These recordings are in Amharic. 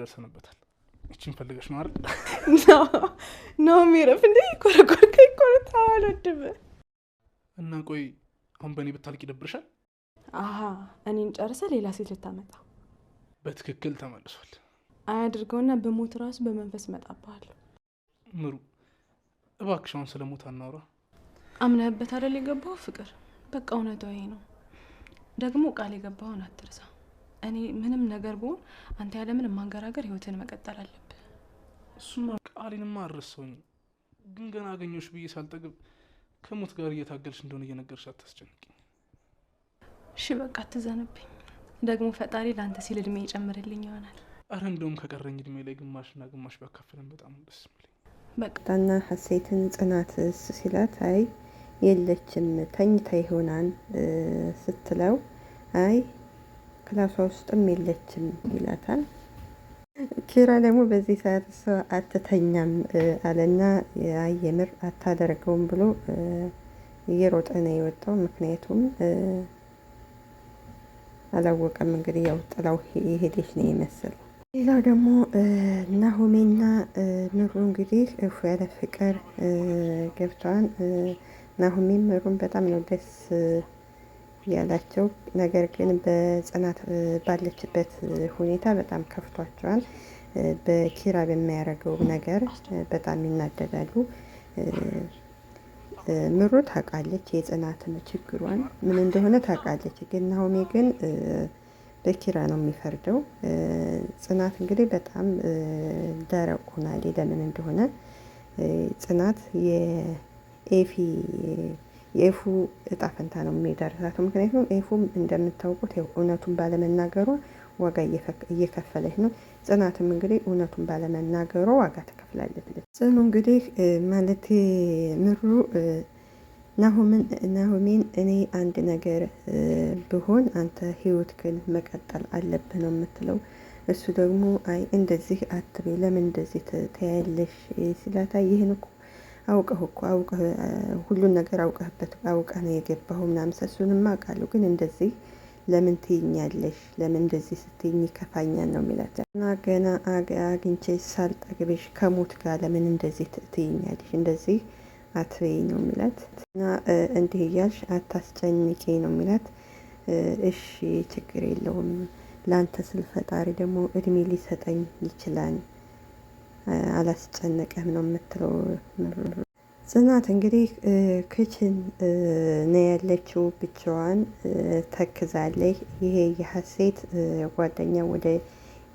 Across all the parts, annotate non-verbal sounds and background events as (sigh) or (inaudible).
ደርሰንበታል። እችን ፈልገሽ ነው አይደል? ነው (laughs) ሚረፍ እንደ ኮረኮርከ አልወድም እና ቆይ አሁን በእኔ ብታልቅ ይደብርሻል። አሀ እኔን ጨርሰ ሌላ ሴት ልታመጣ በትክክል ተመልሷል። አያድርገውና በሞት ራሱ በመንፈስ መጣባል። ምሩ እባክሻውን ስለ ሞት አናውራ። አምነህበት አይደል የገባው ፍቅር። በቃ እውነታው ይሄ ነው። ደግሞ ቃል የገባውን አትርሳ። እኔ ምንም ነገር ብሆን አንተ ያለምን ማንገራገር ህይወትን መቀጠል አለብህ። እሱማ ቃሌንማ አረሰውኝ ግን ገና አገኘሁሽ ብዬ ሳልጠግብ ከሞት ጋር እየታገልሽ እንደሆነ እየነገርሽ አታስጨንቅኝ። እሺ በቃ አትዘንብኝ። ደግሞ ፈጣሪ ለአንተ ሲል እድሜ ይጨምርልኝ ይሆናል። አረ እንደውም ከቀረኝ እድሜ ላይ ግማሽና ግማሽ ባካፍለን በጣም ደስ የሚለኝ። በቃና ሀሴትን ጽናትስ ሲላት አይ የለችም ተኝታ ይሆናል ስትለው አይ ክላሷ ውስጥም የለችም ይላታል። ኪራ ደግሞ በዚህ ሰዓት እሷ አትተኛም አለና የምር አታደርገውም ብሎ እየሮጠ ነው የወጣው። ምክንያቱም አላወቀም እንግዲህ ያው ጥላው የሄደች ነው የመሰለው። ሌላው ደግሞ ናሆሜና ምሩ እንግዲህ እፉ ያለ ፍቅር ገብተዋል። ናሆሜ ምሩን በጣም ነው ደስ ያላቸው ነገር ግን በጽናት ባለችበት ሁኔታ በጣም ከፍቷቸዋል። በኪራ በሚያደርገው ነገር በጣም ይናደዳሉ። ምሩ ታውቃለች የጽናትን ችግሯን ምን እንደሆነ ታውቃለች። ግን ናሆሜ ግን በኪራ ነው የሚፈርደው። ጽናት እንግዲህ በጣም ደረቅ ሆናለች። ለምን እንደሆነ ጽናት የኤፊ የኤፉ እጣ ፈንታ ነው የሚደርሳት። ምክንያቱም ኤፉ እንደምታውቁት እውነቱን ባለመናገሯ ዋጋ እየከፈለች ነው። ጽናትም እንግዲህ እውነቱን ባለመናገሯ ዋጋ ትከፍላለች። ጽኑ እንግዲህ ማለት ምሩ ናሆሜን እኔ አንድ ነገር ብሆን አንተ ህይወት ክል መቀጠል አለብህ ነው የምትለው። እሱ ደግሞ አይ እንደዚህ አትቤ ለምን እንደዚህ ተያለሽ ሲላታ ይህን እኮ አውቀህ እኮ አውቀህ ሁሉን ነገር አውቀህበት አውቀህ ነው የገባኸው ምናምን ሰሱንም አውቃለሁ፣ ግን እንደዚህ ለምን ትይኛለሽ? ለምን እንደዚህ ስትይኝ ይከፋኛል ነው የሚላት እና ገና አግኝቼ ሳልጠግብሽ ከሞት ጋር ለምን እንደዚህ ትይኛለሽ? እንደዚህ አትበይ ነው የሚላት እና እንዲህ እያልሽ አታስጨንቄ ነው የሚላት። እሺ ችግር የለውም ለአንተ ስል ፈጣሪ ደግሞ እድሜ ሊሰጠኝ ይችላል አላስጨነቀም ነው የምትለው ጽናት። እንግዲህ ክችን ነው ያለችው፣ ብቻዋን ተክዛለች። ይሄ የሀሴት ጓደኛ ወደ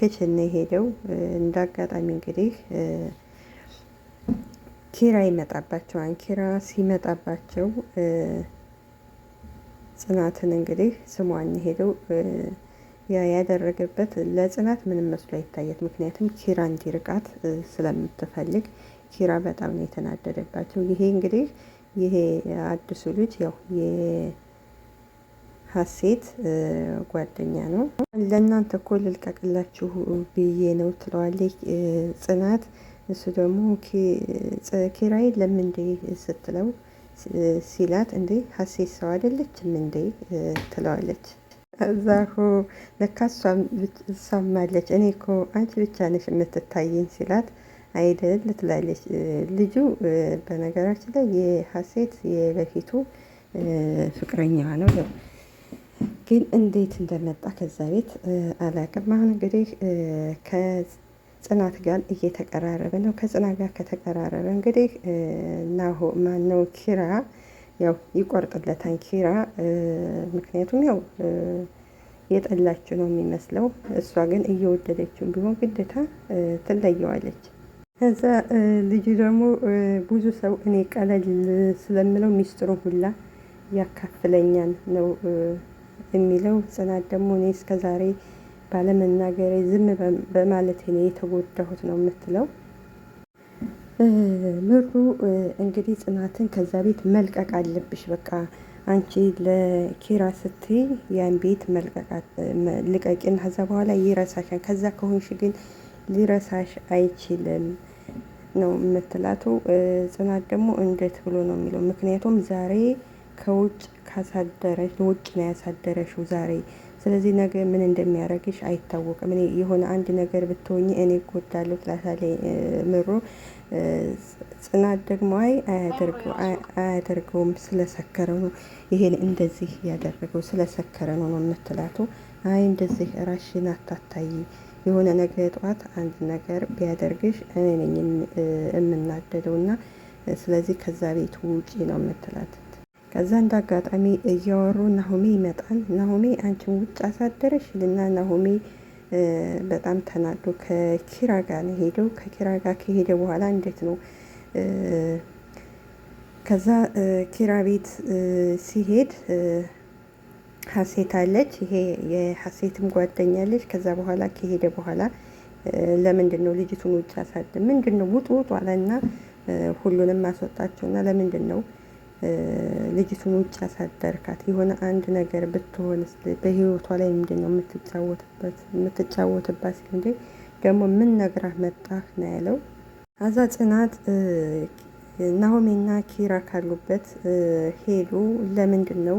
ክችን ነው የሄደው። እንደ አጋጣሚ እንግዲህ ኪራ ይመጣባቸዋል። ኪራ ሲመጣባቸው ጽናትን እንግዲህ ስሟን ሄደው ያ ያደረገበት ለጽናት ምንም መስሎ አይታያት። ምክንያቱም ኪራ እንዲርቃት ስለምትፈልግ ኪራ በጣም ነው የተናደደባቸው። ይሄ እንግዲህ ይሄ አዲሱ ልጅ ያው የሀሴት ጓደኛ ነው። ለእናንተ እኮ ልልቀቅላችሁ ብዬ ነው ትለዋለች ጽናት። እሱ ደግሞ ኪራይ ለምንዴ ስትለው ሲላት እንዴ ሀሴት ሰው አይደለችም እንዴ ትለዋለች። እዛሁ እኮ ለካ እሷም አለች እኔ እኮ አንቺ ብቻ ነሽ የምትታየኝ ሲላት አይደል ትላለች። ልጁ በነገራችን ላይ የሀሴት የበፊቱ ፍቅረኛዋ ነው። ግን እንዴት እንደመጣ ከዛ ቤት አላቅም። አሁን እንግዲህ ከጽናት ጋር እየተቀራረበ ነው። ከጽናት ጋር ከተቀራረበ እንግዲህ ናሆ ማነው ኪራ ያው ይቆርጥለታል ኪራ። ምክንያቱም ያው የጠላችው ነው የሚመስለው። እሷ ግን እየወደደችው ቢሆን ግዴታ ትለየዋለች። ከዛ ልጅ ደግሞ ብዙ ሰው እኔ ቀለል ስለምለው ሚስጥሩ ሁላ ያካፍለኛል ነው የሚለው። ጽናት ደግሞ እኔ እስከዛሬ ባለመናገሬ ዝም በማለት ነው የተጎዳሁት ነው የምትለው። ምሩ እንግዲህ ጽናትን ከዛ ቤት መልቀቅ አለብሽ። በቃ አንቺ ለኪራ ስትይ ያን ቤት መልቀቃት ልቀቂን፣ ከዛ በኋላ ይረሳሻል። ከዛ ከሆንሽ ግን ሊረሳሽ አይችልም ነው የምትላቱ። ጽናት ደግሞ እንዴት ብሎ ነው የሚለው። ምክንያቱም ዛሬ ከውጭ ካሳደረሽ ውጭ ነው ያሳደረሽው ዛሬ ስለዚህ ነገ ምን እንደሚያደርግሽ አይታወቅም። እኔ የሆነ አንድ ነገር ብትሆኝ እኔ እጎዳለሁ ትላታለች ምሮ። ጽናት ደግሞ አይ አያደርገውም ስለሰከረ ነው ይሄን እንደዚህ ያደረገው ስለሰከረ ነው ነው የምትላቱ። አይ እንደዚህ ራሽን አታታይ የሆነ ነገ ጠዋት አንድ ነገር ቢያደርግሽ እኔ ነኝ የምናደደው እና ስለዚህ ከዛ ቤት ውጪ ነው የምትላት። ከዛ እንደ አጋጣሚ እያወሩ ናሆሜ ይመጣል። ናሆሜ አንቺን ውጭ አሳደረሽ ልና ናሆሜ በጣም ተናዶ ከኪራ ጋር ነው ሄደው። ከኪራ ጋር ከሄደ በኋላ እንዴት ነው ከዛ ኪራ ቤት ሲሄድ ሀሴት አለች። ይሄ የሀሴትም ጓደኛ ከዛ በኋላ ከሄደ በኋላ ለምንድን ነው ልጅቱን ውጭ አሳድ ምንድን ነው ውጡ ውጡ አለና ሁሉንም አስወጣቸውና ለምንድን ነው ልጅቱን ውጭ ያሳደርካት የሆነ አንድ ነገር ብትሆንስ በህይወቷ ላይ ምንድን ነው የምትጫወትበት የምትጫወትባት ሲል እንዴ ደግሞ ምን ነግራት መጣህ ነው ያለው። አዛ ጽናት ናሆሜና ኪራ ካሉበት ሄዱ። ለምንድን ነው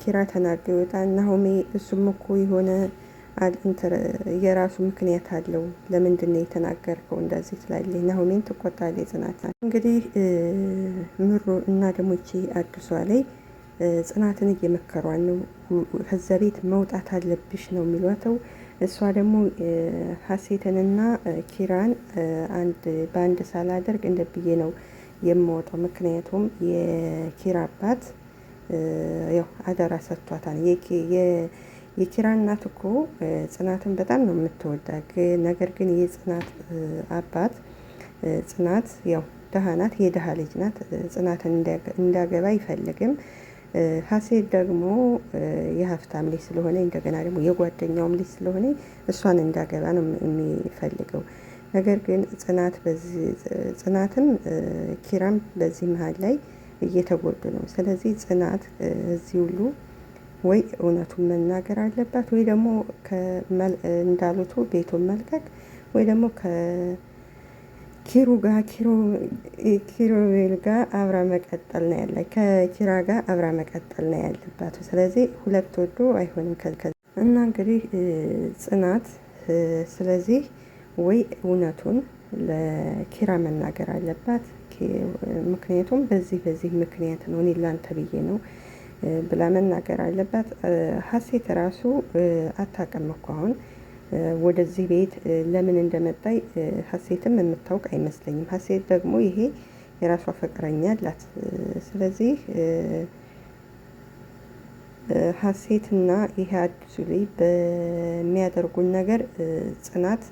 ኪራ ተናዶ ይወጣል? ናሆሜ እሱም እኮ የሆነ የራሱ ምክንያት አለው። ለምንድን ነው የተናገርከው እንደዚህ ትላለች። ናሆሜን ትቆጣለች ጽናት እንግዲህ ምሩ እና ደሞቼ አዲሷ ላይ ጽናትን እየመከሯን ነው። ከዛ ቤት መውጣት አለብሽ ነው የሚሏተው። እሷ ደግሞ ሀሴትንና ኪራን አንድ በአንድ ሳላደርግ እንደ ብዬ ነው የማወጣው። ምክንያቱም የኪራ አባት ያው አደራ ሰጥቷታል። የኪራ እናት እኮ ጽናትን በጣም ነው የምትወዳ። ነገር ግን የጽናት አባት ጽናት ያው ደሃ ናት፣ የደሃ ልጅ ናት። ጽናትን እንዳገባ አይፈልግም። ሀሴት ደግሞ የሀብታም ልጅ ስለሆነ እንደገና ደግሞ የጓደኛውም ልጅ ስለሆነ እሷን እንዳገባ ነው የሚፈልገው። ነገር ግን ጽናት ጽናትም ኪራም በዚህ መሀል ላይ እየተጎዱ ነው። ስለዚህ ጽናት እዚህ ሁሉ ወይ እውነቱን መናገር አለባት ወይ ደግሞ እንዳሉቱ ቤቱን መልቀቅ ወይ ደግሞ ከኪሩ ጋር ኪሩቤል ጋር አብራ መቀጠል ነው ያለ ከኪራ ጋር አብራ መቀጠል ነው ያለባት። ስለዚህ ሁለት ወዶ አይሆንም እና እንግዲህ ጽናት ስለዚህ ወይ እውነቱን ለኪራ መናገር አለባት። ምክንያቱም በዚህ በዚህ ምክንያት ነው እኔ ላንተ ብዬ ነው ብላ መናገር አለባት። ሀሴት ራሱ አታውቅም እኮ አሁን ወደዚህ ቤት ለምን እንደመጣይ ሀሴትም የምታውቅ አይመስለኝም። ሀሴት ደግሞ ይሄ የራሷ ፍቅረኛ አላት። ስለዚህ ሀሴትና ይሄ አዲሱ ልጅ በሚያደርጉን ነገር ጽናት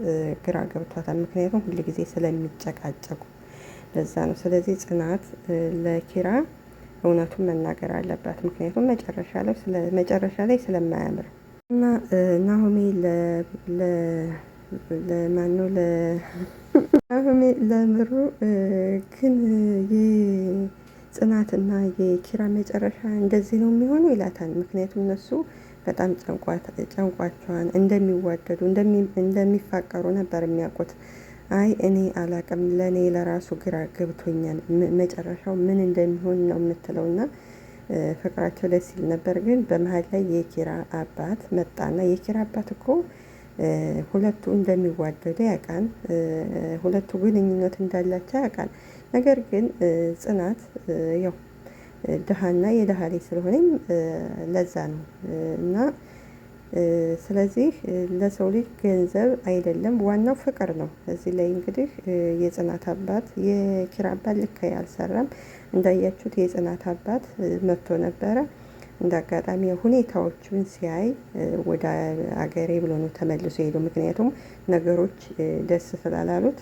ግራ ገብቷታል። ምክንያቱም ሁልጊዜ ስለሚጨቃጨቁ ለዛ ነው። ስለዚህ ጽናት ለኪራ እውነቱን መናገር አለባት። ምክንያቱም መጨረሻ ላይ መጨረሻ ላይ ስለማያምር እና ናሆሜ ለማኖ (laughs) ናሆሜ ለምሩ ግን የጽናትና የኪራ መጨረሻ እንደዚህ ነው የሚሆኑ ይላታል። ምክንያቱም እነሱ በጣም ጨንቋቸዋን እንደሚዋደዱ እንደሚፋቀሩ ነበር የሚያውቁት። አይ እኔ አላቅም ለእኔ ለራሱ ግራ ገብቶኛል። መጨረሻው ምን እንደሚሆን ነው ና ፍቅራቸው ደስ ይል ነበር። ግን በመሀል ላይ የኪራ አባት መጣና የኪራ አባት እኮ ሁለቱ እንደሚዋደዱ ያውቃል። ሁለቱ ግንኙነት እንዳላቸው ያውቃል። ነገር ግን ጽናት ያው ድሃና የድሃ ልጅ ስለሆነም ለዛ ነው እና ስለዚህ ለሰው ልጅ ገንዘብ አይደለም ዋናው ፍቅር ነው። እዚህ ላይ እንግዲህ የጽናት አባት የኪራ አባት ልክ አልሰራም። እንዳያችሁት የጽናት አባት መጥቶ ነበረ። እንደ አጋጣሚ ሁኔታዎቹን ሲያይ ወደ አገሬ ብሎ ነው ተመልሶ የሄደው። ምክንያቱም ነገሮች ደስ ስላላሉት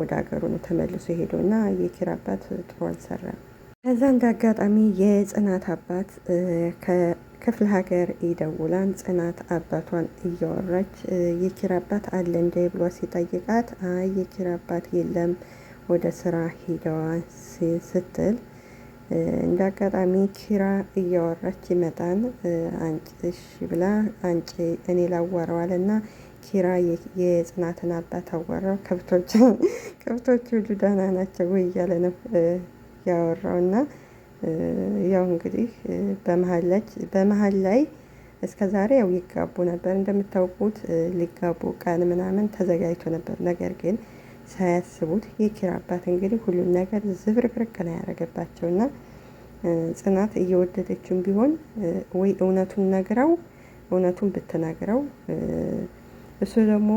ወደ አገሩ ነው ተመልሶ የሄደው እና የኪራ አባት ጥሩ አልሰራም። ከዛ እንደ አጋጣሚ የጽናት አባት ክፍለ ሀገር ይደውላን ጽናት አባቷን እያወራች የኪራ አባት አለ እንደ ብሎ ሲጠይቃት አይ የኪራ አባት የለም ወደ ስራ ሂደዋል ስትል እንደ አጋጣሚ ኪራ እያወራች ይመጣን አንጭሽ ብላ አንጭ እኔ ላዋረዋል እና ኪራ የጽናትን አባት አዋራው። ከብቶች ሁሉ ደህና ናቸው ወይ እያለ ነው ያወራው እና ያው እንግዲህ በመሀል ላይ እስከ ዛሬ ያው ይጋቡ ነበር እንደምታውቁት፣ ሊጋቡ ቀን ምናምን ተዘጋጅቶ ነበር። ነገር ግን ሳያስቡት የኪራ አባት እንግዲህ ሁሉም ነገር ዝብርቅርቅ ነው ያደረገባቸውና ጽናት እየወደደችም ቢሆን ወይ እውነቱን ነግረው እውነቱን ብትነግረው እሱ ደግሞ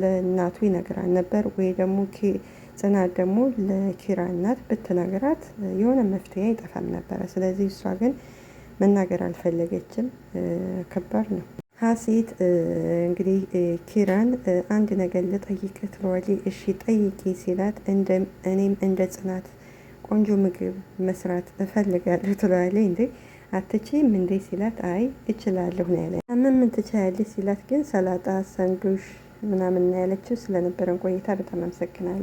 ለእናቱ ይነግራል ነበር ወይ ደግሞ ጽናት ደግሞ ለኪራ እናት ብትነግራት የሆነ መፍትሄ አይጠፋም ነበረ። ስለዚህ እሷ ግን መናገር አልፈለገችም። ከባድ ነው። ሀሴት እንግዲህ ኪራን አንድ ነገር ልጠይቅህ ትለዋለች። እሺ ጠይቂ ሲላት እኔም እንደ ጽናት ቆንጆ ምግብ መስራት እፈልጋለሁ ትለዋለች። እንዴ አትችይም እንዴ ሲላት አይ እችላለሁ ነው ያለ። ምን ምን ትችያለሽ ሲላት ግን ሰላጣ፣ ሰንዱሽ ምናምን ነው ያለችው። ስለነበረን ቆይታ በጣም አመሰግናለሁ።